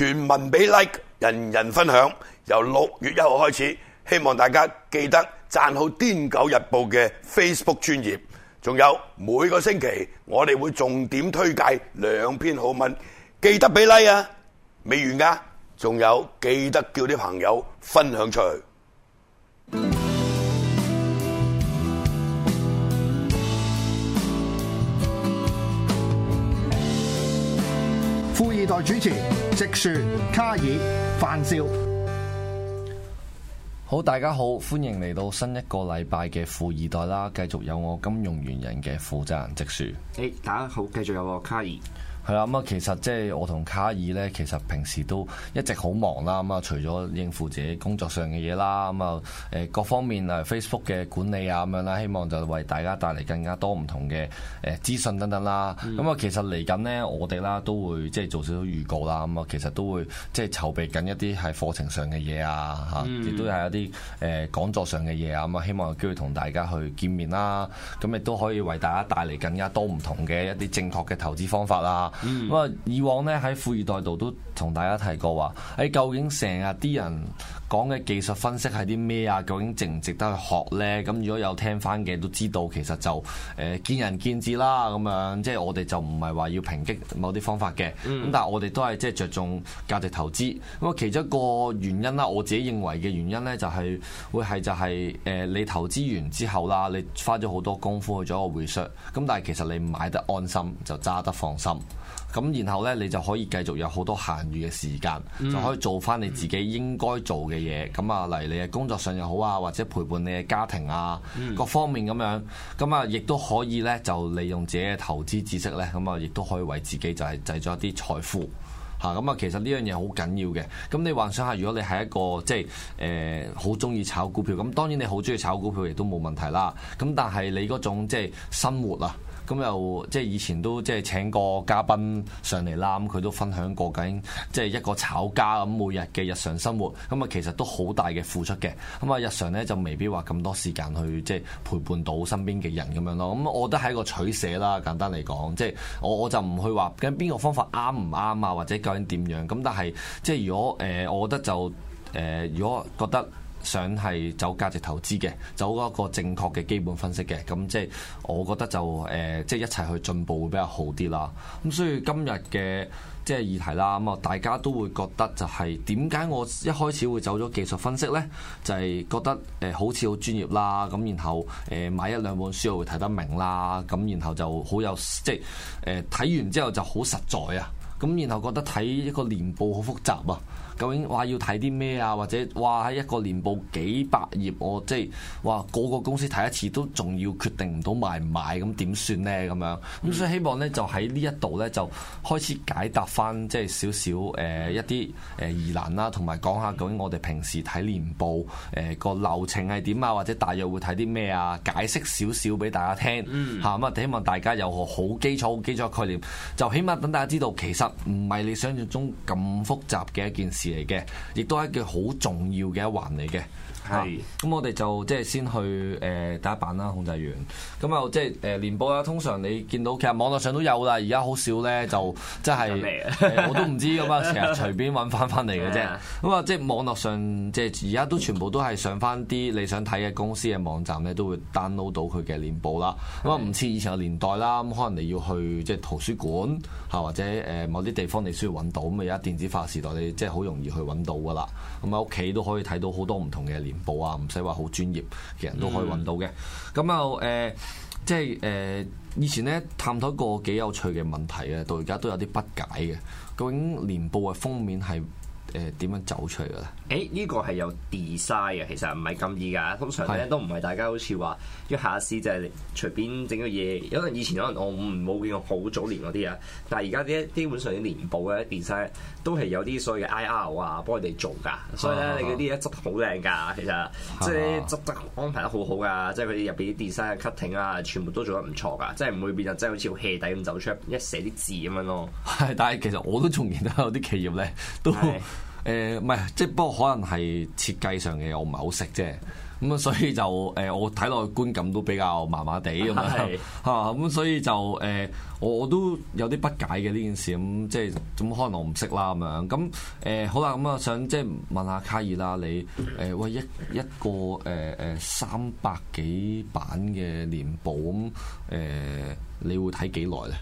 全民俾 like，人人分享。由六月一號開始，希望大家記得讚好《癲狗日報》嘅 Facebook 專頁。仲有每個星期，我哋會重點推介兩篇好文，記得俾 like 啊！未完㗎，仲有記得叫啲朋友分享出去。主持直樹、卡爾、范少，好，大家好，歡迎嚟到新一個禮拜嘅富易袋啦，繼續有我金融猿人嘅負責人直樹，誒，hey, 大家好，繼續有我卡爾。係啊，咁啊其實即係我同卡爾咧，其實平時都一直好忙啦。咁啊，除咗應付自己工作上嘅嘢啦，咁啊誒各方面啊 Facebook 嘅管理啊咁樣啦，希望就為大家帶嚟更加多唔同嘅誒資訊等等啦。咁啊、嗯，其實嚟緊呢，我哋啦都會即係做少少預告啦。咁啊，其實都會即係籌備緊一啲係課程上嘅嘢啊，嚇、嗯，亦都係一啲誒講座上嘅嘢啊。咁啊，希望有機會同大家去見面啦，咁亦都可以為大家帶嚟更加多唔同嘅一啲正確嘅投資方法啦。咁、嗯、以往咧喺富易袋度都同大家提過話，誒究竟成日啲人講嘅技術分析係啲咩啊？究竟值唔值得去學呢？咁如果有聽翻嘅都知道，其實就誒、呃、見仁見智啦。咁樣即係我哋就唔係話要抨擊某啲方法嘅。咁、嗯、但係我哋都係即係着重價值投資。咁啊，其中一個原因啦，我自己認為嘅原因呢、就係，係就係會係就係誒你投資完之後啦，你花咗好多功夫去做一個會術，咁但係其實你買得安心就揸得放心。咁然後咧，你就可以繼續有好多閒餘嘅時間，嗯、就可以做翻你自己應該做嘅嘢。咁啊、嗯，例如你嘅工作上又好啊，或者陪伴你嘅家庭啊，嗯、各方面咁樣。咁啊，亦都可以咧，就利用自己嘅投資知識咧，咁啊，亦都可以為自己就係製作一啲財富嚇。咁啊，其實呢樣嘢好緊要嘅。咁你幻想下，如果你係一個即係誒好中意炒股票，咁當然你好中意炒股票亦都冇問題啦。咁但係你嗰種即係生活啊～咁又即係以前都即係請過嘉賓上嚟啦，咁佢都分享過緊，即係一個炒家咁每日嘅日常生活，咁啊，其實都好大嘅付出嘅，咁啊日常呢就未必話咁多時間去即係陪伴到身邊嘅人咁樣咯，咁我覺得係一個取捨啦，簡單嚟講，即係我我就唔去話究竟邊個方法啱唔啱啊，或者究竟點樣，咁但係即係如果誒，我覺得就誒如果覺得。想係走價值投資嘅，走一個正確嘅基本分析嘅，咁即係我覺得就誒，即、呃、係、就是、一齊去進步會比較好啲啦。咁所以今日嘅即係議題啦，咁啊大家都會覺得就係點解我一開始會走咗技術分析呢？就係、是、覺得誒、呃、好似好專業啦，咁然後誒、呃、買一兩本書又會睇得明啦，咁然後就好有即係睇、呃、完之後就好實在啊，咁然後覺得睇一個年報好複雜啊。究竟話要睇啲咩啊？或者哇一個年報幾百頁，哦，即係哇個個公司睇一次都仲要決定唔到買唔買，咁點算咧？咁樣，咁所以希望咧就喺呢一度咧就開始解答翻即係少少誒一啲誒疑難啦，同埋講下究竟我哋平時睇年報誒個流程係點啊？或者大約會睇啲咩啊？解釋少少俾大家聽，吓、嗯，咁啊！希望大家有個好基礎好基礎、好基礎概念，就起碼等大家知道其實唔係你想象中咁複雜嘅一件事。嚟嘅，亦都係一個好重要嘅一環嚟嘅。係，咁是、啊、我哋就即係先去誒打版啦，控制員，咁啊即係誒年報啦。通常你見到其實網絡上都有啦，而家好少咧就即係還沒 我都唔知咁啊，成日隨便揾翻翻嚟嘅啫。咁啊、嗯，即係網絡上即係而家都全部都係上翻啲你想睇嘅公司嘅網站咧，都會 download 到佢嘅年報啦。咁啊唔似以前嘅年代啦，咁可能你要去即係圖書館嚇或者誒某啲地方你需要揾到，咁啊而家電子化時代你即係好容易去揾到噶啦。咁喺屋企都可以睇到好多唔同嘅年報啊，唔使話好專業嘅人都可以揾到嘅。咁又誒，即係誒、呃，以前呢探討過幾有趣嘅問題咧，到而家都有啲不解嘅。究竟年報嘅封面係誒點樣走出嚟嘅呢？誒呢、欸這個係有 design 嘅，其實唔係咁易㗎。通常咧是的 都唔係大家好似話一下撕就係隨便整個嘢。因為以前可能我冇見過好早年嗰啲啊，但係而家啲基本上啲年報咧 design 都係有啲所謂嘅 IR 啊幫佢哋做㗎。所以咧、啊啊啊、你啲嘢執得好靚㗎，其實即係執執安排得好好㗎。即係佢哋入邊啲 design 嘅 cutting 啊，全部都做得唔錯㗎。即係唔會變就即係好似好 hea 底咁走出一寫啲字咁樣咯。但係其實我都從前都有啲企業咧都的。 誒唔係，即係不過可能係設計上嘅，我唔係好識啫。咁啊，所以就誒、呃，我睇落觀感都比較麻麻地咁樣嚇。咁所以就誒、呃，我我都有啲不解嘅呢件事咁、嗯，即係咁可能我唔識啦咁樣。咁、嗯、誒、嗯嗯嗯、好啦，咁、嗯、啊想即係問，問下卡爾啦，你誒、呃、喂一一個誒誒、呃、三百幾版嘅年報咁誒、嗯呃，你會睇幾耐咧？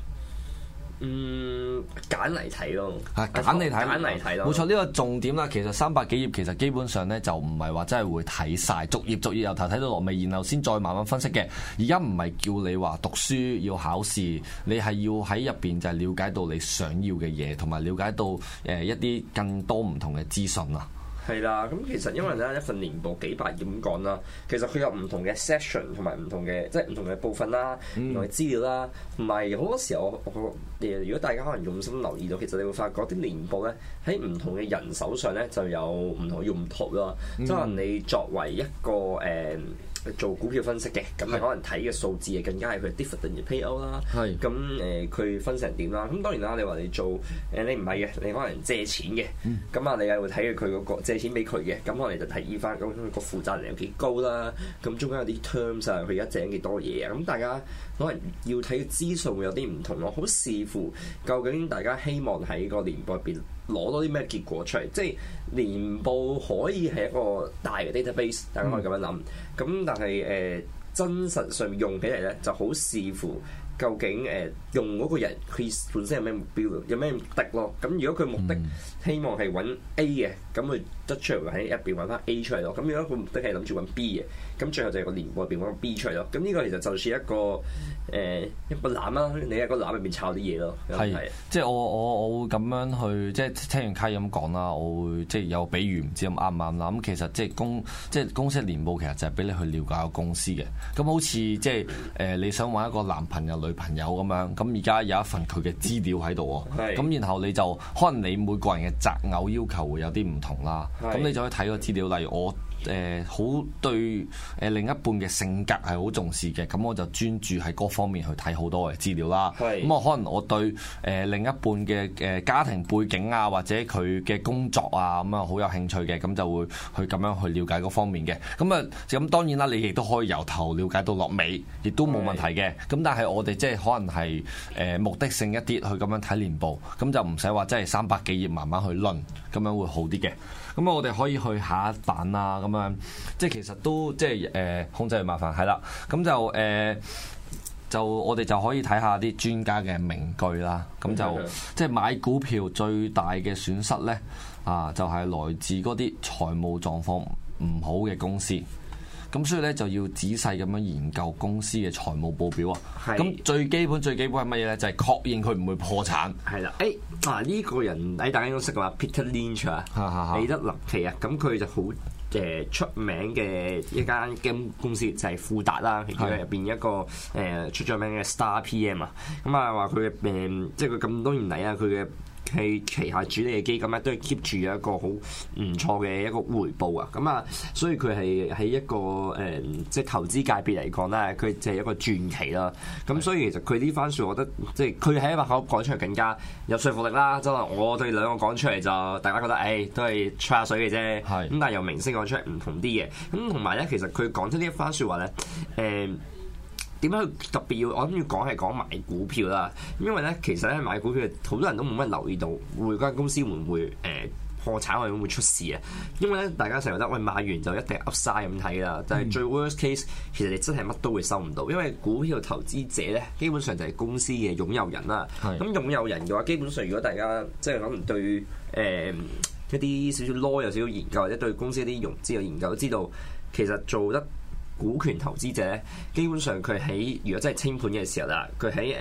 嗯，揀嚟睇咯，揀嚟睇，揀嚟睇咯，冇錯，呢個重點啦。其實三百幾頁其實基本上呢，就唔係話真係會睇晒，逐頁逐頁由頭睇到落尾，然後先再慢慢分析嘅。而家唔係叫你話讀書要考試，你係要喺入邊就係了解到你想要嘅嘢，同埋了解到誒一啲更多唔同嘅資訊啊。係啦，咁、嗯、其實因為咧一份年報幾百頁咁講啦，其實佢有唔同嘅 session 同埋唔同嘅即係唔同嘅部分啦，唔、嗯、同嘅資料啦，唔係好多時候我，我如果大家可能用心留意到，其實你會發覺啲年報咧喺唔同嘅人手上咧就有唔同嘅用途咯，即係、嗯、你作為一個誒，Uh, 做股票分析嘅，咁、嗯、你、嗯、可能睇嘅數字嘅，更加係佢 different payout 啦。係、嗯，咁誒佢分成點啦？咁當然啦，你話你做誒、呃、你唔係嘅，你可能借錢嘅。咁啊、嗯，你係會睇佢佢嗰個借錢俾佢嘅，咁我哋就睇依翻咁個負責人有幾高啦。咁中間有啲 terms 上佢而家整幾多嘢啊？咁大家可能要睇嘅資訊會有啲唔同咯。好視乎究竟大家希望喺個年報入邊攞到啲咩結果出嚟。即係年報可以係一個大嘅 database，嗯、大家可以咁樣諗。咁但係誒、呃、真實上邊用起嚟咧，就好視乎究竟誒、呃、用嗰個人佢本身有咩目標，有咩目的咯。咁如果佢目的希望係揾 A 嘅。咁佢得出嚟喺入邊揾翻 A 出嚟咯，咁如果佢目的係諗住揾 B 嘅，咁最後就係個年報入邊揾 B 出嚟咯。咁呢個其實就似一個誒、呃、一個籃啦、啊，你喺個籃入邊抄啲嘢咯。係是，是即係我我我會咁樣去，即係聽完卡爾咁講啦，我會即係有比喻對對，唔知咁啱唔啱啦。咁其實即係公即係公司年報，其實就係俾你去了解個公司嘅。咁好似即係誒、呃、你想揾一個男朋友女朋友咁樣，咁而家有一份佢嘅資料喺度喎，咁是然後你就可能你每個人嘅擇偶要求會有啲唔同。同啦，咁你就可以睇個資料，例如我。誒好、呃、對誒另一半嘅性格係好重視嘅，咁我就專注喺各方面去睇好多嘅資料啦。咁我是、嗯、可能我對誒、呃、另一半嘅誒、呃、家庭背景啊，或者佢嘅工作啊，咁啊好有興趣嘅，咁、嗯、就會去咁樣去了解嗰方面嘅。咁、嗯、啊，咁當然啦，你亦都可以由頭了解到落尾，亦都冇問題嘅。咁是、嗯、但係我哋即係可能係誒、呃、目的性一啲去咁樣睇年報，咁、嗯、就唔使話即係三百幾頁慢慢去論，咁樣會好啲嘅。咁我哋可以去下一版啊，咁樣即係其實都即係誒控制麻煩係啦。咁就誒、呃、就我哋就可以睇下啲專家嘅名句啦。咁就即係買股票最大嘅損失呢，啊，就係、是、來自嗰啲財務狀況唔好嘅公司。咁所以咧就要仔細咁樣研究公司嘅財務報表啊。咁是最基本最基本係乜嘢咧？就係、是、確認佢唔會破產。係啦。A、哎、啊呢、這個人喺、哎、大家都識嘅嘛，Peter Lynch 啊 彼得林奇啊。咁佢就好誒出名嘅一間 game 公司就係、是、富達啦，佢入邊一個誒、呃、出咗名嘅 Star PM 啊。咁啊話佢嘅誒，即係佢咁多年嚟啊，佢嘅。佢旗下主力嘅基金咧，都係 keep 住一個好唔錯嘅一個回報啊！咁啊，所以佢係喺一個誒、嗯，即係投資界別嚟講咧，佢就係一個傳奇啦。咁所以其實佢呢番説，我覺得即係佢喺一個口講出嚟更加有說服力啦。即、就、係、是、我對兩個講出嚟就大家覺得誒、哎、都係吹下水嘅啫。係咁是，但係由明星講出嚟唔同啲嘅。咁同埋咧，其實佢講出呢一番説話咧，誒、嗯。點解特別要？我諗要講係講買股票啦，因為咧，其實咧，買股票好多人都冇乜留意到，會間公司會唔會誒、呃、破產會唔會會出事啊？因為咧大家成日覺得喂，買完就一定 up 晒咁睇啦，但係最 worst case 其實你真係乜都會收唔到，因為股票投資者咧基本上就係公司嘅擁有人啦。咁是擁有人嘅話，基本上如果大家即係、就是、可能對誒、呃、一啲少少 law 有少少研究，或者對公司一啲融資嘅研究，都知道其實做得。股權投資者咧，基本上佢喺如果真係清盤嘅時候啦，佢喺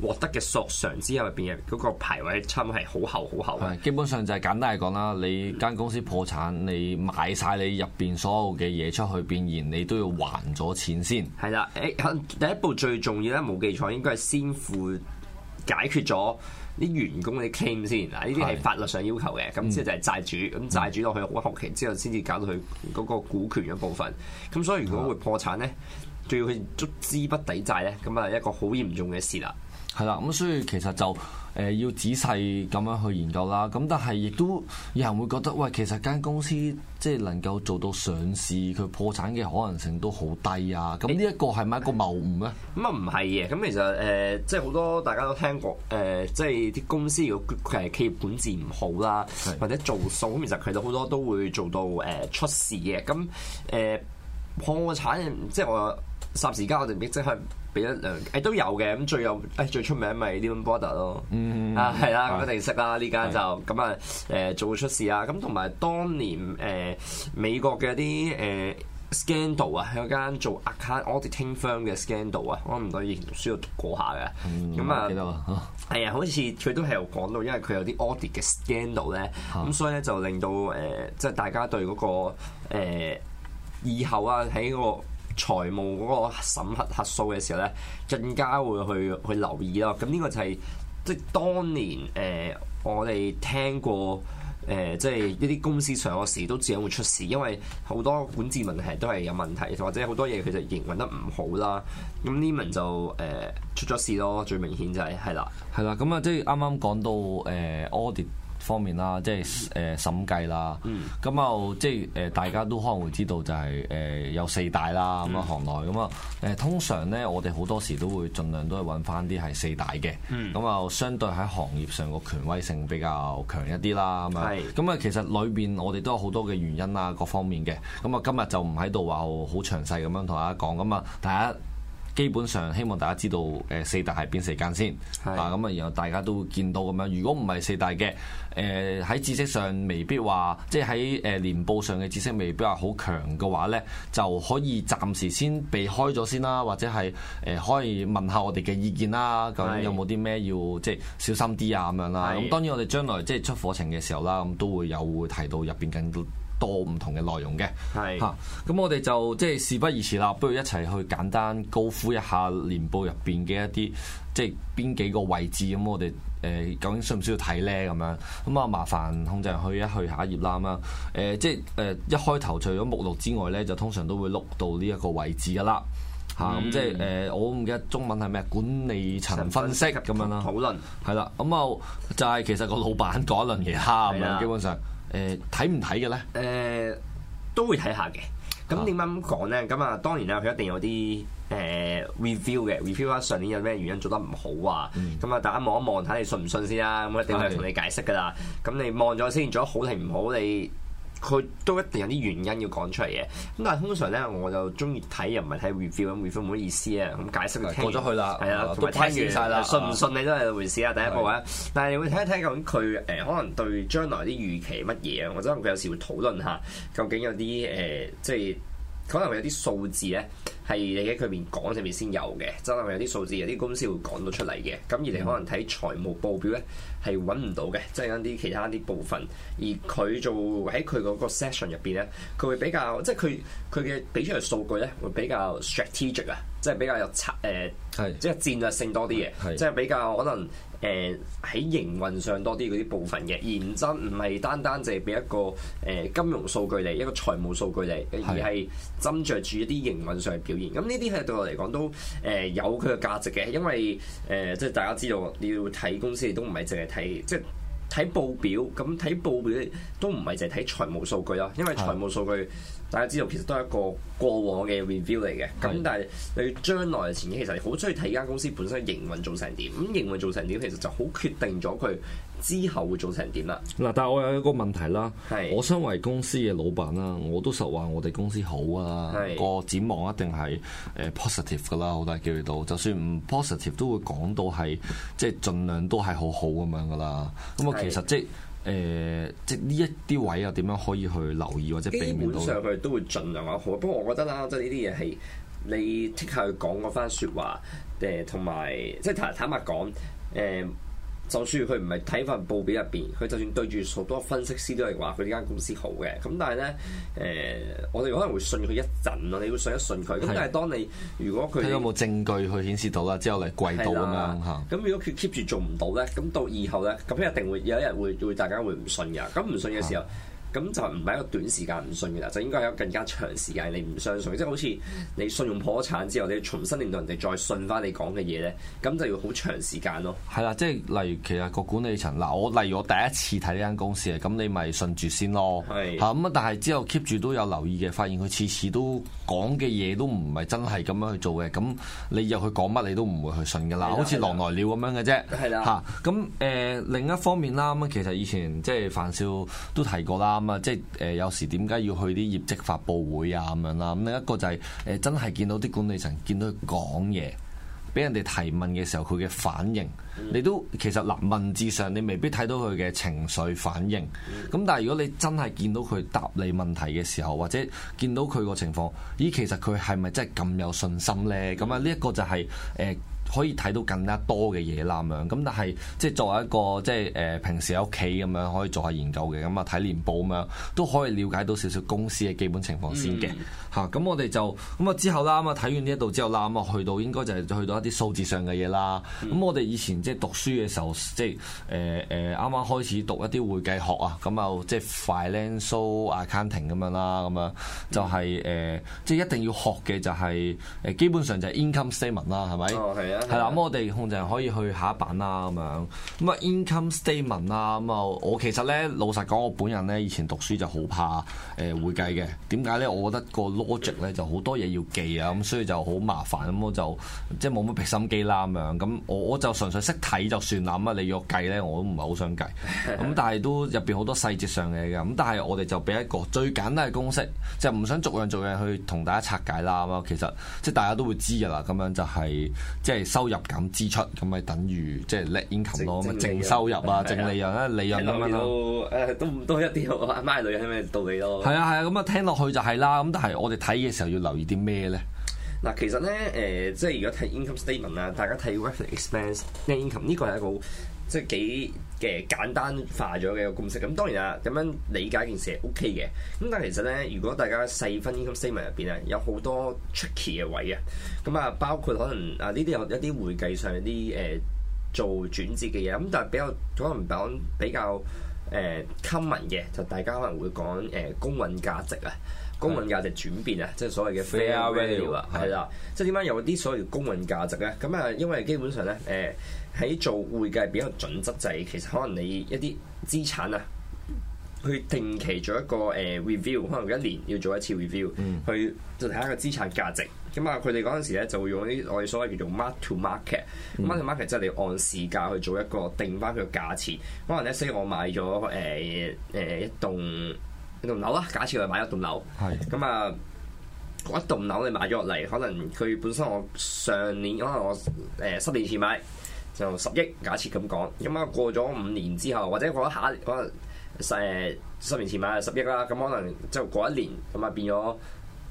誒獲得嘅索償之後入邊嘅嗰個排位差唔係好後好後。係，基本上就係簡單嚟講啦，你間公司破產，你賣晒你入邊所有嘅嘢出去變現，你都要還咗錢先。係啦，誒、欸，第一步最重要咧，冇記錯應該係先付解決咗。啲員工啲 claim 先，嗱呢啲係法律上要求嘅，咁之後就係債主，咁、嗯、債主落去好個學期之後，先至搞到佢嗰個股權嘅部分。咁所以如果會破產咧，仲、嗯、要去足資不抵債咧，咁啊一個好嚴重嘅事啦。係啦，咁、嗯、所以其實就誒、呃、要仔細咁樣去研究啦。咁但係亦都有人會覺得，喂、呃，其實間公司即係能夠做到上市，佢破產嘅可能性都好低啊。咁呢一個係咪一個謬誤咧？咁啊唔係嘅，咁、欸欸欸、其實誒、呃，即係好多大家都聽過誒、呃，即係啲公司如果佢係企業本質唔好啦，或者做數，咁的其實佢哋好多都會做到誒、呃、出事嘅。咁誒、呃、破產，即係我霎時間我哋即係。俾一兩誒都有嘅，咁最有誒、哎、最出名咪 Lehman Brothers 咯，啊係啦，咁一定識啦呢 right. 間就，咁啊誒做出事啊，咁同埋當年誒、嗯、美國嘅啲誒 scandal，一 ount, scandal 一、嗯、啊，有嗰間做 account auditing firm 嘅 scandal 啊，我唔多以前讀書過下嘅，咁啊，係啊，好似佢都係有講到，因為佢有啲 audit 嘅 scandal 咧、嗯，咁所以咧就令到誒即係大家對嗰、那個、呃、以後啊喺、那個。財務嗰個審核核數嘅時候咧，更加會去去留意咯。咁呢個就係、是、即係當年誒、呃，我哋聽過誒、呃，即係一啲公司上個時都自然會出事，因為好多管治問題都係有問題，或者好多嘢其實營運得唔好啦。咁呢文就誒、呃、出咗事咯，最明顯就係係啦，係啦。咁啊，即係啱啱講到誒 audit。呃 Aud 方面啦，即係誒審計啦，咁啊、嗯，即係誒大家都可能會知道，就係誒有四大啦咁啊，嗯、行內咁啊誒。通常咧，我哋好多時都會盡量都係揾翻啲係四大嘅，咁啊、嗯，相對喺行業上個權威性比較強一啲啦。咁啊，係、咁啊，其實裏邊我哋都有好多嘅原因啊，各方面嘅。咁啊，今日就唔喺度話好詳細咁樣同大家講。咁啊，第一。基本上希望大家知道誒四大係邊四間先，啊咁是啊，然後大家都會見到咁樣。如果唔係四大嘅，誒、呃、喺知識上未必話，即係喺誒年報上嘅知識未必話好強嘅話咧，就可以暫時先避開咗先啦，或者係誒、呃、可以問下我哋嘅意見啦，咁有冇啲咩要即係小心啲啊咁樣啦。咁是當然我哋將來即係出課程嘅時候啦，咁都會有會提到入邊更多多唔同嘅內容嘅，嚇咁我哋就即係、就是、事不宜遲啦，不如一齊去簡單高呼一下年報入邊嘅一啲即係邊幾個位置咁，我哋誒究竟需唔需要睇咧咁樣？咁啊，麻煩控制人去一去，去一下頁啦咁啊，誒即係誒一開頭除咗目錄之外咧，就通常都會碌到呢一個位置噶啦嚇，咁即係誒我唔記得中文係咩，管理層分析咁樣啦，討論係啦，咁啊、yep、就係其實個老闆講一輪嘢㗎咁樣，基本上。誒，睇唔睇嘅咧？誒、呃，都會睇下嘅。咁點解咁講咧？咁啊，當然啦，佢一定有啲誒、呃、review 嘅，review 翻上年有咩原因做得唔好啊。咁、嗯、啊，大家望一望睇，你信唔信先啦？咁我一定係同你解釋噶啦。咁你望咗先，做得好定唔好你？佢都一定有啲原因要講出嚟嘅，咁但係通常咧，我就中意睇又唔係睇 review，review 咁冇乜意思了了了啊，咁解釋嚟過咗去啦，係啊，聽完晒啦，信唔信你都係一回事啊，第一個位，對 但係你會睇一睇究竟佢誒、呃、可能對將來啲預期乜嘢啊，或者可能佢有時會討論下究竟有啲誒、呃、即係。可能有啲數字咧係你喺佢邊講上面先有嘅，真、就、係、是、有啲數字，有啲公司會講到出嚟嘅。咁而你可能睇財務報表咧係揾唔到嘅，即係一啲其他啲部分。而佢做喺佢嗰個 session 入邊咧，佢會比較即係佢佢嘅俾出嚟數據咧會比較 strategic 啊，即係比較有策誒，呃、是即係戰略性多啲嘅，即係比較可能。誒喺營運上多啲嗰啲部分嘅，嚴真唔係單單淨係俾一個誒金融數據嚟，一個財務數據嚟，而係斟酌住一啲營運上嘅表現。咁呢啲係對我嚟講都誒有佢嘅價值嘅，因為誒即係大家知道你要睇公司，都唔係淨係睇即係睇報表，咁睇報表都唔係淨係睇財務數據囉，因為財務數據。大家知道其實都係一個過往嘅 review 嚟嘅，咁是但係你將來嘅前景其實好中意睇間公司本身營運做成點，咁、嗯、營運做成點其實就好決定咗佢之後會做成點啦。嗱，但係我有一個問題啦，是我身為公司嘅老闆啦，我都實話我哋公司好啊，是個展望一定係誒 positive 噶啦，好大機會到，就算唔 positive 都會講到係即係盡量都係好好咁樣噶啦。咁啊，我其實即，是即誒、呃，即係呢一啲位又點樣可以去留意或者避免到？基本上佢都會盡量攞好，不過我覺得啦，即係呢啲嘢係你 take 下佢講嗰番説話，同、呃、埋即係坦坦白講，誒、呃。就算佢唔係睇份報表入邊，佢就算對住好多分析師都係話佢呢間公司好嘅。咁但係咧，誒、呃，我哋可能會信佢一陣咯，你會信一信佢。咁的但係當你如果佢，有冇證據去顯示到啦？之後你季度啊嘛嚇。咁的的如果佢 keep 住做唔到咧，咁到以後咧，咁一定會有一日會會大家會唔信㗎。咁唔信嘅時候，咁就唔係一個短時間唔信嘅啦，就應該有更加長時間你唔相信，即係好似你信用破產之後，你要重新令到人哋再信翻你講嘅嘢咧，咁就要好長時間咯。係啦，即係例如其實個管理層嗱，我例如我第一次睇呢間公司嘅，咁你咪信住先咯。係嚇，咁啊，但係之後 keep 住都有留意嘅，發現佢次次都講嘅嘢都唔係真係咁樣去做嘅，咁你入去講乜你都唔會去信嘅啦，的好似狼來了咁樣嘅啫。係啦嚇，咁、誒、另一方面啦，咁其實以前即係范少都提過啦。嗯、即係有時點解要去啲業績發佈會啊咁樣啦？咁另一個就係、誒、真係見到啲管理層見到佢講嘢，俾人哋提問嘅時候，佢嘅反應，你都其實嗱文字上你未必睇到佢嘅情緒反應，咁但係如果你真係見到佢答你問題嘅時候，或者見到佢個情況，咦其實佢係咪真係咁有信心呢？咁啊呢一個就係、是、誒。呃可以睇到更加多嘅嘢啦，咁樣。咁但係即係作為一個即係誒、呃、平時喺屋企咁樣可以做下研究嘅，咁啊睇年報咁樣都可以了解到少少公司嘅基本情況先嘅吓，咁、嗯啊、我哋就咁啊、嗯、之後啦，咁啊睇完呢一度之後啦，咁啊去到應該就係去到一啲數字上嘅嘢啦。咁、嗯、我哋以前即係讀書嘅時候，即係誒誒啱啱開始讀一啲會計學啊，咁、嗯、啊即係 financial accounting 咁樣啦，咁、嗯、樣、嗯、就係誒即係一定要學嘅就係、係、誒基本上就係 income statement 啦，係咪？哦，係啊。係啦，咁我哋控制人可以去下一版啦，咁樣，咁啊 income statement 啦？咁啊我其實咧老實講，我本人咧以前讀書就好怕誒、呃、會計嘅。點解咧？我覺得個 logic 咧就好多嘢要記啊，咁所以就好麻煩，咁我就即係冇乜俾心機啦，咁樣咁我我就純粹識睇就算啦。咁啊，你約計咧，我都唔係好想計。咁但係都入邊好多細節上嘅嘅，咁但係我哋就俾一個最簡單嘅公式，就唔想逐樣逐樣去同大家拆解啦。咁啊，其實即係大家都會知噶啦，咁樣就係即係。收入，咁支出，咁咪等於即係叻 income 咯，咁啊淨收入啊，淨利潤啊，利潤咁樣咯，誒都唔多一啲喎，阿媽嘅女人係咩道理咯？係啊係啊，咁啊聽落去就係、是、啦，咁但係我哋睇嘅時候要留意啲咩咧？嗱，其實咧誒、呃，即係如果睇 income statement 啊，大家睇 revenue expense 咧，income 呢個係一個。即係幾嘅簡單化咗嘅一個公式，咁當然啦，咁樣理解件事係 OK 嘅。咁但係其實咧，如果大家細分啲 statement 入邊咧，有好多 tricky 嘅位啊。咁啊，包括可能啊呢啲有一啲會計上啲誒、呃、做轉接嘅嘢，咁但係比較可能講比較誒 common 嘅，就大家可能會講誒、呃、公允價值啊。公允價值轉變啊，即係所謂嘅 fair value 啊的，係啦的，即係點解有啲所謂公允價值咧？咁啊，因為基本上咧，誒、呃、喺做會計比較準則就係、是、其實可能你一啲資產啊，去定期做一個誒、呃、review，可能一年要做一次 review，、嗯、去就睇下個資產價值。咁啊，佢哋嗰陣時咧就會用啲我哋所謂叫做 mark to market，mark、嗯、to market 即係你按市價去做一個定翻佢個價錢。可能咧，所以我買咗誒誒一棟。呢棟樓啦，假設佢買一棟樓，咁啊是的，嗰一棟樓你買咗落嚟，可能佢本身我上年，可能我誒十年前買就十億，假設咁講，咁啊過咗五年之後，或者過一下，可能誒十年前買係十億啦，咁可能就過一年，咁啊變咗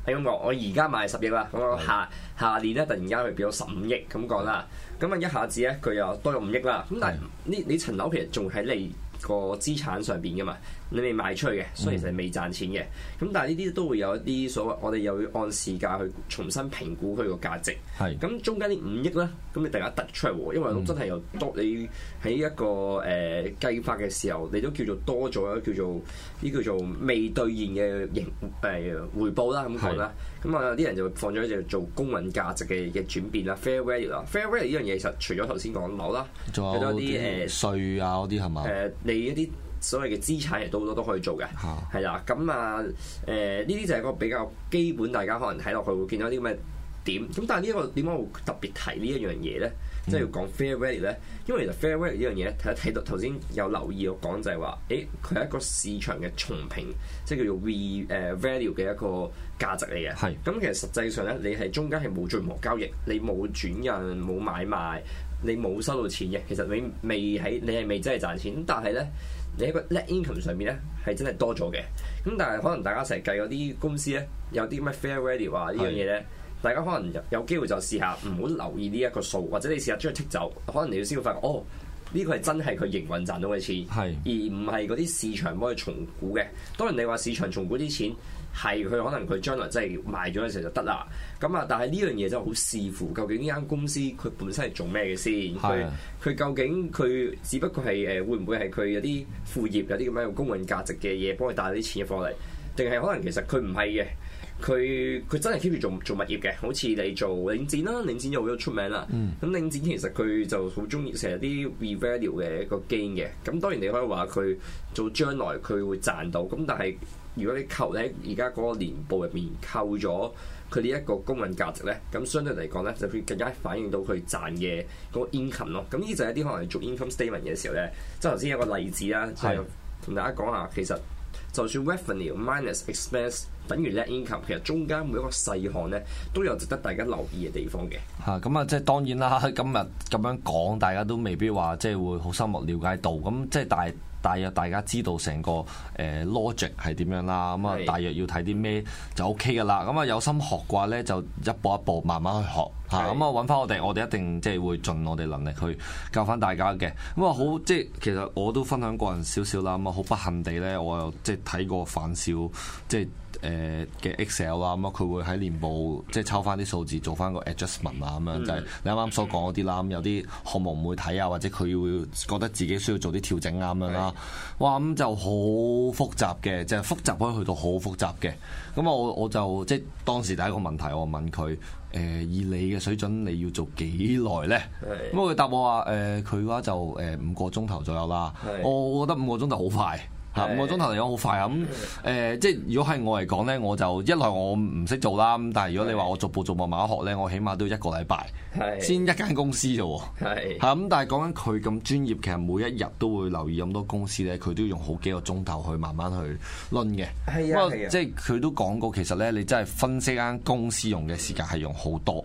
係咁講，我而家買十億啦，咁我下是的 下年咧突然間佢變咗十五億咁講啦，咁啊一下子咧佢又多咗五億啦，咁但係呢你，你層樓其實仲喺你個資產上邊噶嘛？你未賣出去嘅，所以其實未賺錢嘅。咁、嗯、但係呢啲都會有一啲所謂，我哋又要按市價去重新評估佢個價值。係是。咁中間啲五億咧，咁你突然間突出嚟喎，因為都真係又多你喺一個誒計法嘅時候，你都叫做多咗叫做呢叫做未兌現嘅盈誒回報啦，咁講啦。咁啊有啲人就會放咗就做公允價值嘅嘅轉變啦，fair value 啦，fair value 呢樣嘢其實除咗頭先講樓啦，仲有啲稅啊嗰啲係嘛？誒、呃，你一啲。所謂嘅資產亦都好多都可以做嘅，係啦、啊。咁啊，誒呢啲就係一個比較基本，大家可能睇落去會見到啲咁嘅點。咁但係呢一個點解我會特別提呢一樣嘢咧？即係、嗯、要講 fair value 咧，因為其實 fair value 呢樣嘢睇一睇到頭先有留意我講就係話，誒佢係一個市場嘅重評，即係叫做 re value 嘅一個價值嚟嘅。係咁是 其實實際上咧，你係中間係冇任何交易，你冇轉讓，冇買賣，你冇收到錢嘅。其實你未喺你係未真係賺錢但係咧。你喺個 net income 上面咧，係真係多咗嘅。咁但係可能大家成日計嗰啲公司咧，有啲咩 fair value 啊是的 呢樣嘢咧，大家可能有，有機會就試下唔好留意呢一個數，或者你試下將佢剔走，可能你要先會發現哦，呢、這個係真係佢營運賺到嘅錢，係是的 而唔係嗰啲市場幫佢重估嘅。當然你話市場重估啲錢。係佢可能佢將來真係賣咗嘅時候就得啦。咁啊，但係呢樣嘢真係好視乎究竟呢間公司佢本身係做咩嘅先。佢佢的究竟佢只不過係誒會唔會係佢有啲副業有啲咁樣嘅公允價值嘅嘢幫佢帶啲錢入嚟，定係可能其實佢唔係嘅，佢佢真係 keep 住做做物業嘅。好似你做領展啦，領展又好出名啦。咁、嗯、領展其實佢就好中意成日啲 revalue 嘅一個 gain 嘅。咁當然你可以話佢做將來佢會賺到，咁但係。如果你扣喺而家嗰個年報入面扣咗佢呢一個公允價值咧，咁相對嚟講咧，就會更加反映到佢賺嘅個 income 咯。咁呢就係一啲可能做 income statement 嘅時候咧，即係頭先有個例子啦，就同、是、是大家講下其實就算 revenue minus expense 等於 net income，其實中間每一個細項咧都有值得大家留意嘅地方嘅。嚇，咁啊，即係當然啦，今日咁樣講，大家都未必話即係會好深入了解到，咁即係大。大約大家知道成個 logic 係點樣啦，咁啊大約要睇啲咩就 OK 㗎喇。咁啊有心學嘅話呢，就一步一步慢慢去學。咁啊揾翻我哋，我哋一定即係會盡我哋能力去教翻大家嘅。咁、嗯、啊好即係其實我都分享個人少少啦。咁啊好不幸地咧，我又即係睇過反少，即係誒嘅 Excel 啦。咁啊佢會喺年報即係抽翻啲數字，做翻個 adjustment 啊、嗯、咁樣、嗯、就係你啱啱所講嗰啲啦。咁、嗯、有啲項目唔會睇啊，或者佢會覺得自己需要做啲調整啊咁樣啦。哇、嗯、咁 Okay.、嗯嗯、就好複雜嘅，即係複雜可以去到好複雜嘅。咁、嗯、啊我我就即係當時第一個問題，我問佢。誒以你嘅水準，你要做幾耐咧？咁佢是的 答我話：誒佢嘅話就誒五個鐘頭左右啦。是的 我覺得五個鐘頭好快。是五個鐘頭嚟講好快啊！咁誒的、嗯呃，即係如果係我嚟講咧，我就一來我唔識做啦，咁但係如果你話我逐步逐步慢慢學咧，我起碼都要一個禮拜的先一間公司啫喎。係嚇咁的、嗯，但係講緊佢咁專業，其實每一日都會留意咁多公司咧，佢都要用好幾個鐘頭去慢慢去論嘅。係啊的，不過即係佢的都講過，其實咧你真係分析間公司用嘅時間係用好多。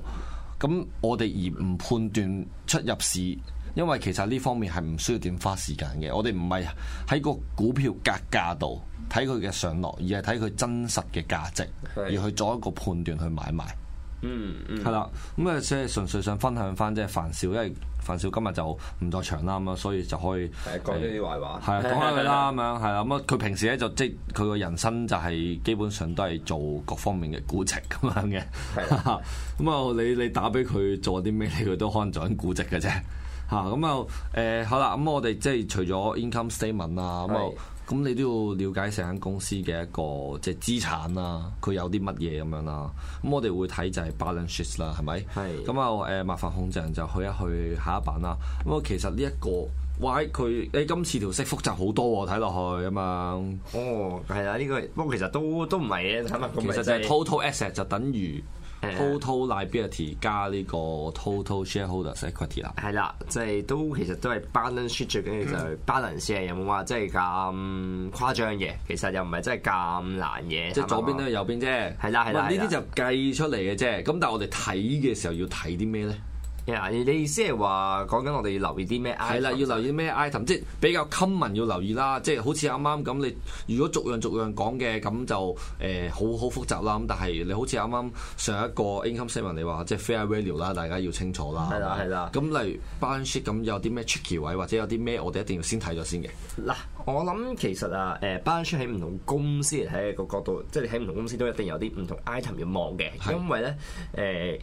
咁我哋而唔判斷出入市。因為其實呢方面係唔需要點花時間嘅。我哋唔係喺個股票價格度睇佢嘅上落，而係睇佢真實嘅價值，是的 而去做一個判斷去買賣、嗯。嗯，係啦。咁啊，即係純粹想分享翻即係範少，因為範少今日就唔在場啦，咁啊，所以就可以講啲啲壞話，係講下佢啦咁樣，係啦的。咁啊的，佢平時咧就即係佢個人生就係基本上都係做各方面嘅估值咁樣嘅。咁啊，你你打俾佢做啲咩，你佢都可能做緊估值嘅啫。嚇咁啊誒好啦，咁我哋即係除咗 income statement 啊，咁啊咁你都要了解成間公司嘅一個即係資產啊，佢有啲乜嘢咁樣啦、啊。咁、嗯、我哋會睇就係 balance sheet 啦，係咪？係是的。咁啊誒，麻煩控制人就去一去下一版啦。咁、嗯、啊，其實呢、這、一個喂，佢誒、欸、今次條式複雜好多喎、啊，睇落去啊嘛。嗯、哦，係啊，呢、這個不過其實都都唔係嘅，其實就係 total asset 就等於。total liability 加呢個 total shareholder equity 啦，係啦，即係都其實都係 balance sheet 最緊要就係 balance 啊。有冇話即係咁誇張嘅？其實又唔係真係咁難嘅，即係左邊都係右邊啫，係啦係啦。呢啲就計出嚟嘅啫，咁但係我哋睇嘅時候要睇啲咩咧？Yeah, 你意思係話講緊我哋留意啲咩 item？係啦，要留意啲咩 item，即係比較 common 要留意啦。即係好似啱啱咁，你如果逐樣逐樣講嘅咁就誒好好複雜啦。咁但係你好似啱啱上一個 income statement 你話即係 fair value 啦，大家要清楚啦。係啦，係吧啦。咁例如 balance sheet 咁有啲咩 tricky 位或者有啲咩我哋一定要先睇咗先嘅。嗱，我諗其實啊誒 balance sheet 喺唔同公司嚟睇個角度，即你喺唔同公司都一定有啲唔同 item 要望嘅，的因為咧誒、呃、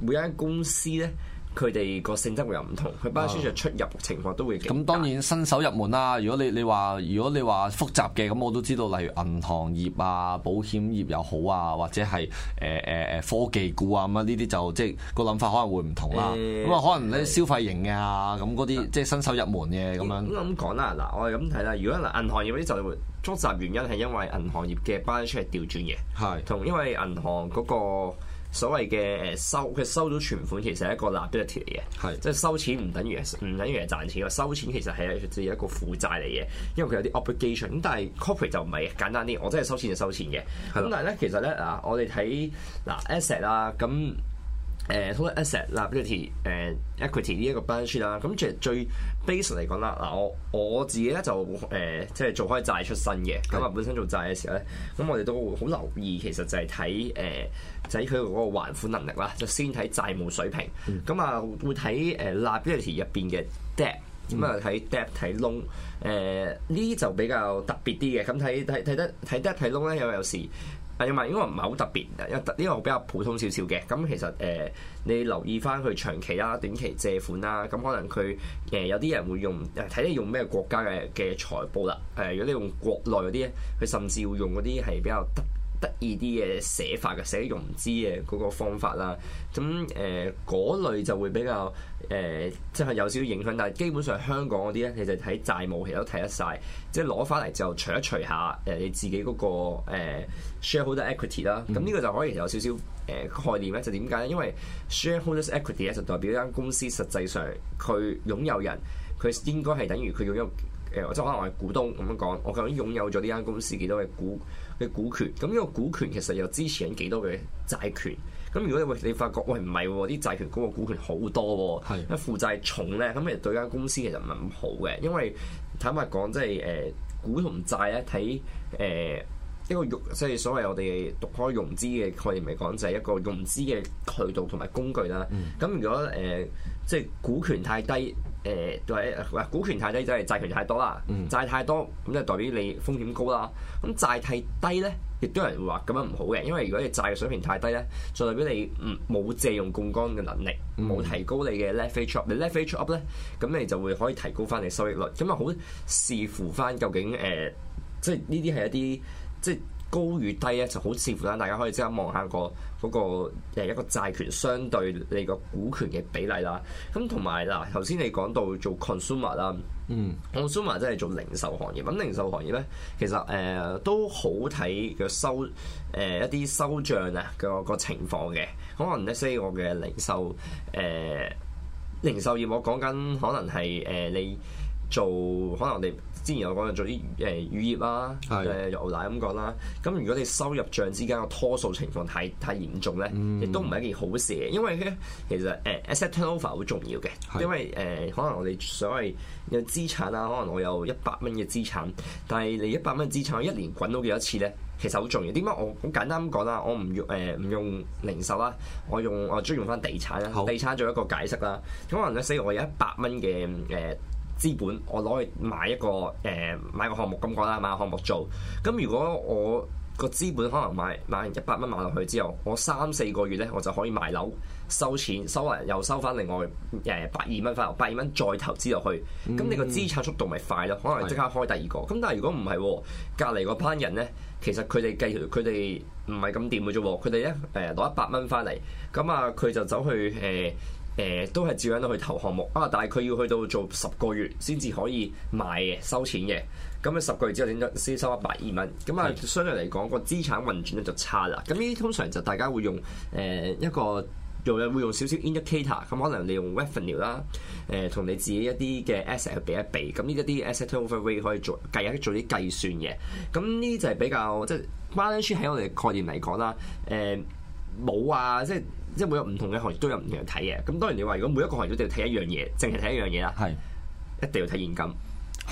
每間公司咧。佢哋個性質會又唔同，佢 balance sheet 出入情況都會咁、嗯。當然新手入門啦、啊，如果你你話如果你話複雜嘅，咁我都知道，例如銀行業啊、保險業又好啊，或者係誒誒誒科技股啊乜呢啲，就即係、個諗法可能會唔同啦。咁啊、欸，可能啲消費型啊咁嗰啲，即係新手入門嘅咁樣。應該咁講啦，嗱，我係咁睇啦。如果嗱銀行業嗰啲就捉雜原因係因為銀行業嘅 balance sheet 調轉嘅，係同的因為銀行嗰、個。所謂嘅誒收佢收咗存款其實係一個 liability 嚟嘅，係是的 即係收錢唔等於唔等於係賺錢嘅，收錢其實係一個負債嚟嘅，因為佢有啲 obligation。咁但係 copy 就唔係，簡單啲，我真係收錢就收錢嘅。咁是的 但係咧，其實咧啊，我哋睇嗱 asset 啦，咁。誒 asset、uh, liability 誒、uh, equity 呢一個 balance sheet 啦，咁其實最 basic 嚟講啦，嗱我我自己咧就誒、uh, 即係做開債出身嘅，咁啊本身做債嘅時候咧，咁我哋都會好留意，其實就係睇誒睇佢嗰個還款能力啦，就先睇債務水平，咁啊會睇誒、uh, liability 入邊嘅 debt，咁啊睇 debt 睇 long，呢、uh, 啲就比較特別啲嘅，咁睇睇睇得睇 debt 睇 long 咧有有時。係啊，唔係，因為唔係好特別，因為呢個比較普通少少嘅。咁其實誒、呃，你留意翻佢長期啦、短期借款啦，咁、嗯、可能佢誒、呃、有啲人會用，睇你用咩國家嘅嘅財報啦。誒、呃，如果你用國內嗰啲，佢甚至會用嗰啲係比較特得意啲嘅寫法嘅寫融資嘅嗰個方法啦，咁誒嗰類就會比較誒、呃、即係有少少影響，但係基本上香港嗰啲咧，你就睇債務其實都睇得晒。即係攞翻嚟就除一除一下誒你自己嗰、那個、呃、shareholder equity 啦，咁呢個就可以有少少誒概念咧，就點解咧？因為 shareholder equity 咧就代表一間公司實際上佢擁有人，佢應該係等於佢擁有誒、呃，即可能係股東咁樣講，我究竟擁有咗呢間公司幾多嘅股？嘅股權，咁呢個股權其實又支持緊幾多嘅債權？咁如果你你發覺，喂唔係喎，啲債權嗰個股權好多，係的負債重咧，咁其實對間公司其實唔係咁好嘅。因為坦白講，即係誒股同債咧，睇誒、呃、一個融即係所謂我哋讀開融資嘅概念嚟講，就係一個融資嘅渠道同埋工具啦。咁、嗯、如果誒即係股權太低。誒，就係，喂，股權太低即係債權太多啦，嗯、債太多咁就代表你風險高啦。咁債太低咧，亦都有人話咁樣唔好嘅，因為如果你債嘅水平太低咧，就代表你唔冇借用槓桿嘅能力，冇、嗯、提高你嘅 leverage up，你 leverage up。你 leverage up 咧，咁你就會可以提高翻你收益率。咁啊，好視乎翻究竟誒、呃，即係呢啲係一啲即係。高與低咧，就好視乎啦。大家可以即刻望下個嗰、那個一個債權相對你個股權嘅比例啦。咁同埋啦，頭先你講到做 consumer 啦、嗯，嗯，consumer 即係做零售行業。咁零售行業咧，其實誒、呃、都好睇嘅收誒、呃、一啲收賬啊個個情況嘅。可能你 say 我嘅零售誒、呃、零售業，我講緊可能係誒、呃、你。做可能我哋之前有講過做啲誒乳業啦，誒、呃、牛是的 奶咁講啦。咁如果你收入帳之間個拖數情況太太嚴重呢，亦、嗯、都唔係一件好事，因為呢，其實誒、呃、asset turnover 好重要嘅，是的 因為誒、呃、可能我哋所謂有資產啦，可能我有一百蚊嘅資產，但係你一百蚊嘅資產一年滾到幾多次呢，其實好重要。點解我好簡單咁講啦？我唔用誒唔用零售啦，我用我中意用翻地產啦。地產做一個解釋啦。咁可能咧，譬如我有一百蚊嘅誒。呃資本我攞去買一個誒、呃、買個項目咁講啦，買個項目做。咁如果我個資本可能買買完一百蚊買落去之後，我三四個月呢，我就可以賣樓收錢，收完又收翻另外誒百二蚊翻嚟，百二蚊再投資落去。咁、嗯、你個資產速度咪快咯？可能即刻開第二個。咁的但係如果唔係喎，隔離嗰班人呢，其實佢哋計佢哋唔係咁掂嘅啫喎。佢哋呢，誒、呃、攞一百蚊翻嚟，咁啊佢就走去誒。呃誒、呃、都係照樣去投項目啊！但係佢要去到做十個月先至可以賣嘅收錢嘅，咁、嗯、樣十個月之後先收一百二蚊。咁、嗯、啊，是的 相對嚟講，那個資產運轉咧就差啦。咁呢啲通常就大家會用誒、呃、一個用會用少少 indicator，咁、嗯、可能你用 revenue 啦，誒、呃、同你自己一啲嘅 asset 去比一比，咁、嗯、呢一啲 asset over rate 可以做計一做啲計算嘅。咁呢啲就係比較即係、就是、balance sheet 喺我哋概念嚟講啦，誒、呃。冇啊，即係即係每個唔同嘅行業都有唔同嚟睇嘅，咁當然你話，如果每一個行業都一定要睇一樣嘢，淨係睇一樣嘢啦，係一定要睇是現金。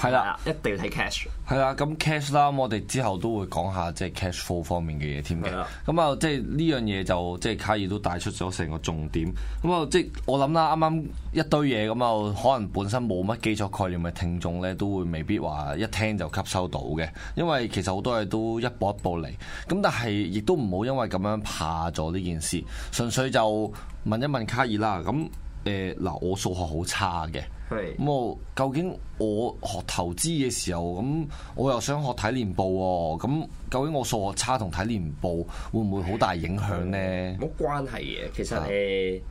係啦，了一定要睇 cash。係啦，咁 cash 啦，我哋之後都會講下即係 cash flow 方面嘅嘢添嘅。咁啊了，即係呢樣嘢就即係、就是、卡爾都帶出咗成個重點。咁啊，即係我諗啦，啱啱一堆嘢咁啊，就可能本身冇乜基礎概念嘅聽眾呢，都會未必話一聽就吸收到嘅。因為其實好多嘢都一步一步嚟。咁但係亦都唔好因為咁樣怕咗呢件事，純粹就問一問卡爾啦。咁誒嗱，我數學好差嘅。咁究竟我學投資嘅時候，咁我又想學睇年報喎，咁究竟我數學差同睇年報會唔會好大影響咧？冇關係嘅，啊，其實誒是的、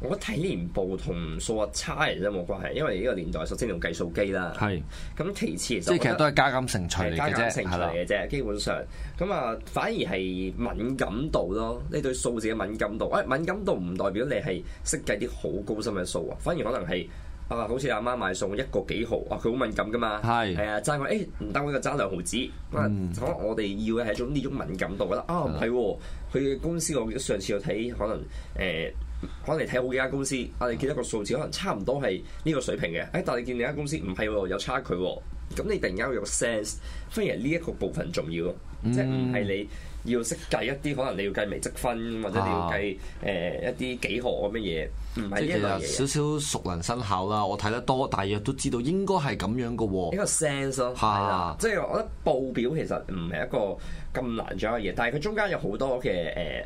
呃，我覺得睇年報同數學差其實冇關係，因為呢個年代首先用計數機啦，係。咁其次，即係其實都係加減乘除嚟嘅啫，係嘅啫，是的 基本上咁啊，反而係敏感度咯，你對數字嘅敏感度，喂，哎，敏感度唔代表你係識計啲好高深嘅數啊，反而可能係。啊，好似阿媽買餸一個幾毫，啊佢好敏感㗎嘛，係是，係啊爭我，誒唔得我就爭兩毫子，咁、嗯、可能我哋要嘅係一種呢種敏感度，覺得啊唔係喎，佢、啊、公司我上次有睇、呃，可能誒可能睇好幾間公司，啊你見一個數字可能差唔多係呢個水平嘅，誒、欸、但係你見你間公司唔係喎，有差距喎、啊，咁你突然間會有個 sense，反而呢一個, ense, 個部分重要囉，嗯、即係唔係你。要識計一啲可能你要計微積分、啊、或者你要計誒、呃、一啲幾何咁嘅嘢，唔係呢個嘢。少少熟能生巧啦，我睇得多，大約都知道應該係咁樣嘅喎。呢個 sense 咯、啊，係啦，即係我覺得報表其實唔係一個咁難掌握嘅嘢，但係佢中間有好多嘅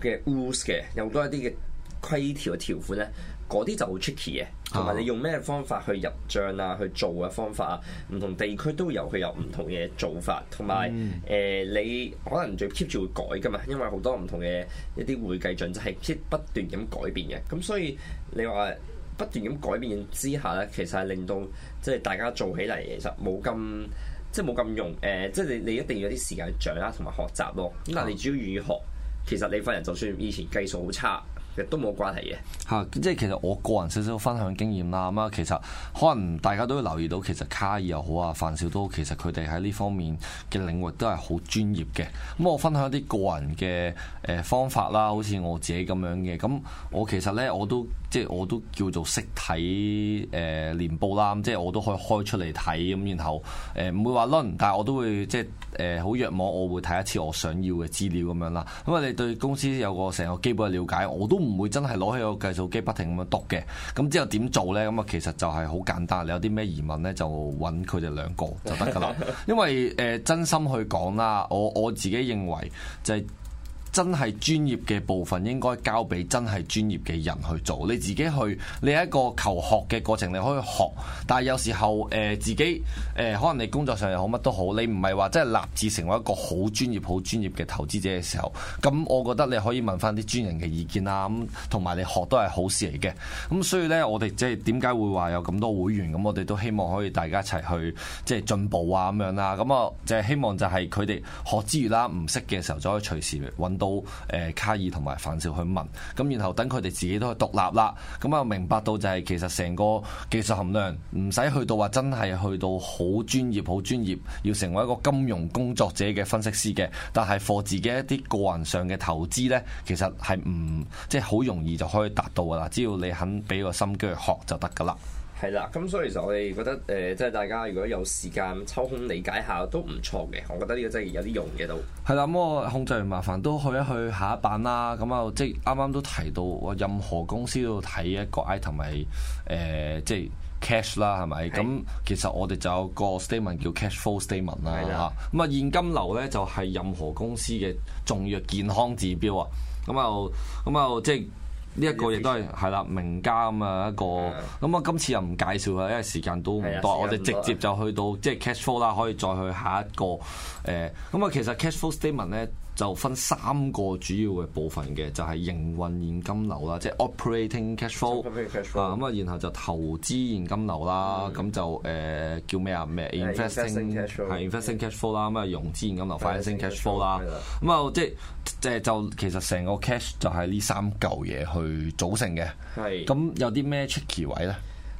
誒嘅 rules 嘅嘅，有好多一啲嘅規條嘅條款咧。嗰啲就好 tricky 嘅，同埋你用咩方法去入帳啊？去做嘅方法啊，唔同地區都有佢有唔同嘅做法，同埋誒你可能仲 keep 住會改噶嘛，因為好多唔同嘅一啲會計準則係 keep 不斷咁改變嘅。咁所以你話不斷咁改變之下咧，其實係令到即係大家做起嚟其實冇咁即係冇咁用。誒、呃，即係你你一定要有啲時間去掌握同埋學習咯。咁但係你只要願意學，其實你份人就算以前計數好差。其實都冇關係嘅吓，即係其實我個人少少分享經驗啦。咁啊，其實可能大家都會留意到，其實卡爾又好啊，范少都，其實佢哋喺呢方面嘅領域都係好專業嘅。咁我分享一啲個人嘅誒方法啦，好似我自己咁樣嘅。咁我其實呢，我都。即係我都叫做識睇誒年報啦，即係我都可以開出嚟睇咁，然後誒唔會話論，但係我都會即係誒好約莫，我會睇一次我想要嘅資料咁樣啦。咁啊，你對公司有個成個基本嘅了解，我都唔會真係攞起個計數機不停咁樣讀嘅。咁之後點做呢？咁啊，其實就係好簡單。你有啲咩疑問呢？就揾佢哋兩個就得㗎啦。因為誒真心去講啦，我我自己認為就係、是。真係專業嘅部分應該交俾真係專業嘅人去做，你自己去，你係一個求學嘅過程，你可以學，但係有時候誒、呃、自己誒、呃、可能你工作上又好乜都好，你唔係話真係立志成為一個好專業好專業嘅投資者嘅時候，咁我覺得你可以問翻啲專人嘅意見啦。咁同埋你學都係好事嚟嘅。咁所以咧，我哋即係點解會話有咁多會員咁我哋都希望可以大家一齊去即係進步啊，咁樣啦。咁啊，就係希望就係佢哋學之餘啦，唔識嘅時候就可以隨時揾到。到誒卡爾同埋范少去問，咁然後等佢哋自己都去獨立啦，咁我明白到就係其實成個技術含量唔使去到話真係去到好專業好專業，要成為一個金融工作者嘅分析師嘅，但係貨自己一啲個人上嘅投資呢，其實係唔即係好容易就可以達到噶啦，只要你肯俾個心機去學就得噶啦。係啦，咁所以其實我哋覺得，誒、呃，即係大家如果有時間抽空理解下都唔錯嘅，我覺得呢個真係有啲用嘅都。係、嗯、啦，咁我控制完麻煩都去一去下一版啦。咁、嗯、啊，即係啱啱都提到、呃，任何公司要睇一個 item，誒、呃，即係 cash 啦，係咪？咁了其實我哋就有個 statement 叫 cash flow statement 啦，吓了。咁啊、嗯，現金流咧就係、是、任何公司嘅重要健康指標啊。咁、嗯、啊、咁、嗯、啊、嗯嗯嗯嗯，即係。呢一個亦都係係啦，名家咁啊一個，咁啊的今次又唔介紹啦，因為時間都唔多，多我哋直接就去到 即係 cash flow 啦，可以再去下一個誒，咁、呃、啊，其實 cash flow statement 咧。就分三個主要嘅部分嘅，就係營運現金流啦，即係 operating cash flow 咁啊，然後就投資現金流啦，咁就誒叫咩啊？咩 investing cash，係 investing cash flow 啦，咁啊融資現金流 financing cash flow 啦，咁啊即係即係就其實成個 cash 就係呢三嚿嘢去組成嘅。係。咁有啲咩 tricky 位咧？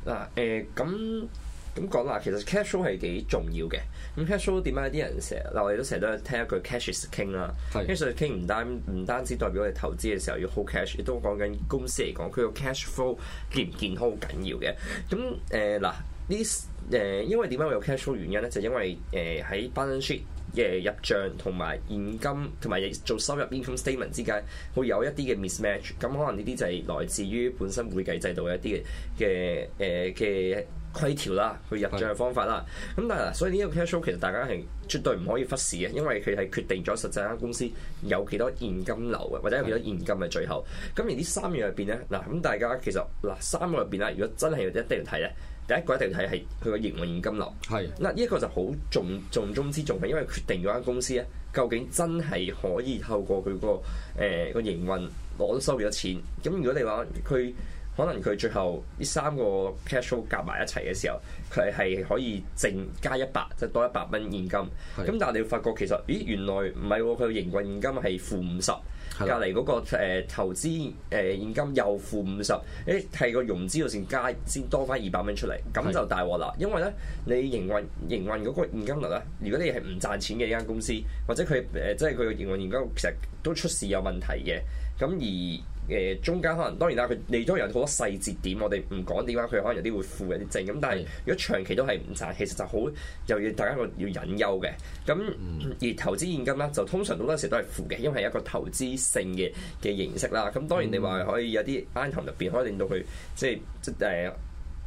嗱誒咁。咁講啦，其實 cash flow 係幾重要嘅。咁 cash flow 點解啲人成日？嗱我哋都成日都聽一句 cash is king 啦。是 cash is king 唔單唔單止代表我哋投資嘅時候要好 cash，亦都講緊公司嚟講佢個 cash flow 健唔健康好緊要嘅。咁誒嗱呢誒，因為點解會有 cash flow 原因咧？就係、因為誒喺、呃、balance sheet。嘅入帳同埋現金同埋做收入 income statement 之間會有一啲嘅 mismatch，咁可能呢啲就係來自於本身會計制度嘅一啲嘅嘅誒嘅規條啦，去入帳嘅方法啦。咁的但係所以呢一個 cash flow 其實大家係絕對唔可以忽視嘅，因為佢係決定咗實際間公司有幾多現金流嘅，或者有幾多現金嘅最後。咁而三呢三樣入邊咧，嗱咁大家其實嗱三個入邊咧，如果真係要一定要睇咧。第一個一定要睇係佢個營運現金流，嗱呢一個就好重重中之重嘅，因為決定嗰間公司咧究竟真係可以透過佢個誒個營運攞到收完咗錢。咁如果你話佢可能佢最後呢三個 cash flow 夾埋一齊嘅時候，佢係可以淨加一百即係多一百蚊現金。咁是的 但係你要發覺其實咦原來唔係喎，佢營運現金係負五十。50, 隔離嗰個、呃、投資誒現金又負五十，誒係個融資度先加先多翻二百蚊出嚟，咁就大鑊啦。因為咧，你營運營運嗰個現金率咧，如果你係唔賺錢嘅一間公司，或者佢誒、呃、即係佢嘅營運現金其實都出事有問題嘅，咁而。誒中間可能當然啦，佢你都有好多細節點，我哋唔講點解，佢可能有啲會負，有啲正咁。但係如果長期都係唔賺，其實就好又要大家個要隱憂嘅。咁而投資現金啦，就通常好多時都係負嘅，因為係一個投資性嘅嘅形式啦。咁當然你話可以有啲 item 入邊可以令到佢即係即係誒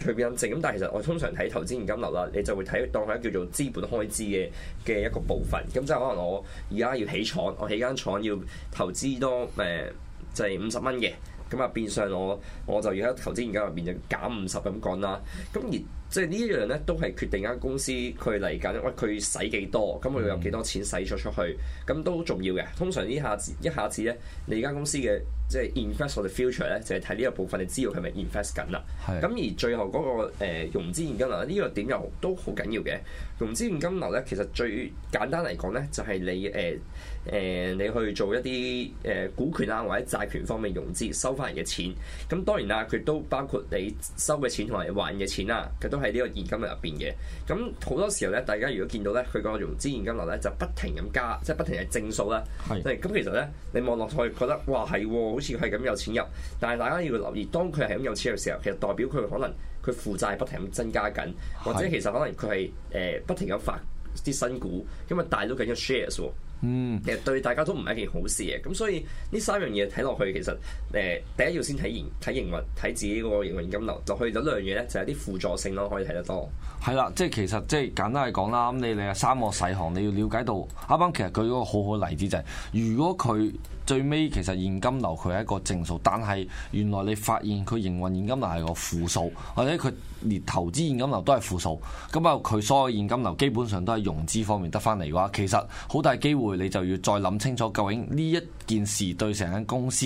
佢變正咁，但係其實我通常睇投資現金流啦，你就會睇當係叫做資本開支嘅嘅一個部分。咁即係可能我而家要起廠，我起間廠要投資多誒。呃就係五十蚊嘅，咁啊變相我我就要喺投資研究入邊就減五十咁講啦，咁而。即係呢一樣咧，都係決定間公司佢嚟緊，喂佢使幾多，咁、嗯、我有幾多錢使咗出去，咁都好重要嘅。通常呢下一下子咧，你間公司嘅即係 investor 嘅 future 咧，就係睇呢個部分你知道是是資料係咪 invest 緊啦。咁的而最後嗰、那個、呃融，資這個、融資現金流呢個點又都好緊要嘅。融資現金流咧，其實最簡單嚟講咧，就係、是、你誒誒、呃呃、你去做一啲誒股權啊或者債權方面融資收翻嚟嘅錢。咁當然啦，佢都包括你收嘅錢同埋還嘅錢啊，都喺呢個現金流入面嘅，咁好多時候咧，大家如果見到咧，佢個融資現金流咧就不停咁加，即係不停係正數啦。係，咁其實咧，你望落去覺得哇係，好似係咁有錢入，但係大家要留意，當佢係咁有錢嘅時候，其實代表佢可能佢負債不停咁增加緊，或者其實可能佢係誒不停咁發啲新股，因為帶到緊啲 shares 喎。嗯，其實對大家都唔係一件好事嘅，咁所以呢三樣嘢睇落去其實誒、呃、第一要先睇營睇營運睇自己個營運金流，落去咗兩樣嘢咧，就有、是、啲輔助性咯，可以睇得多。係啦，即係其實即係簡單嚟講啦，咁你睇三個細項，你要了解到啱啱其實佢嗰個好好例子就係、是、如果佢。最尾其實現金流佢係一個正數，但係原來你發現佢營運現金流係個負數，或者佢連投資現金流都係負數，咁啊佢所有現金流基本上都係融資方面得返嚟嘅話，其實好大機會你就要再諗清楚究竟呢一件事對成間公司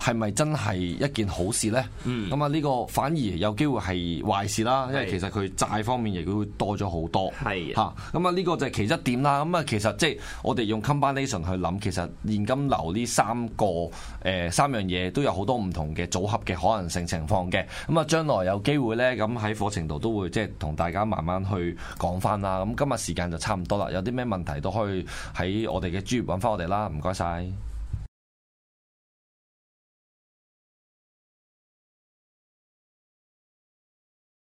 係咪真係一件好事呢？嗯，咁啊呢個反而有機會係壞事啦，因為其實佢債方面亦都會多咗好多。係是的、啊，嚇，咁啊呢個就係其中一點啦。咁啊其實即係我哋用 combination 去諗，其實現金流呢？三個誒、呃、三樣嘢都有好多唔同嘅組合嘅可能性情況嘅，咁啊將來有機會呢，咁喺課程度都會即係同大家慢慢去講翻啦。咁今日時間就差唔多啦，有啲咩問題都可以喺我哋嘅主頁揾翻我哋啦，唔該晒。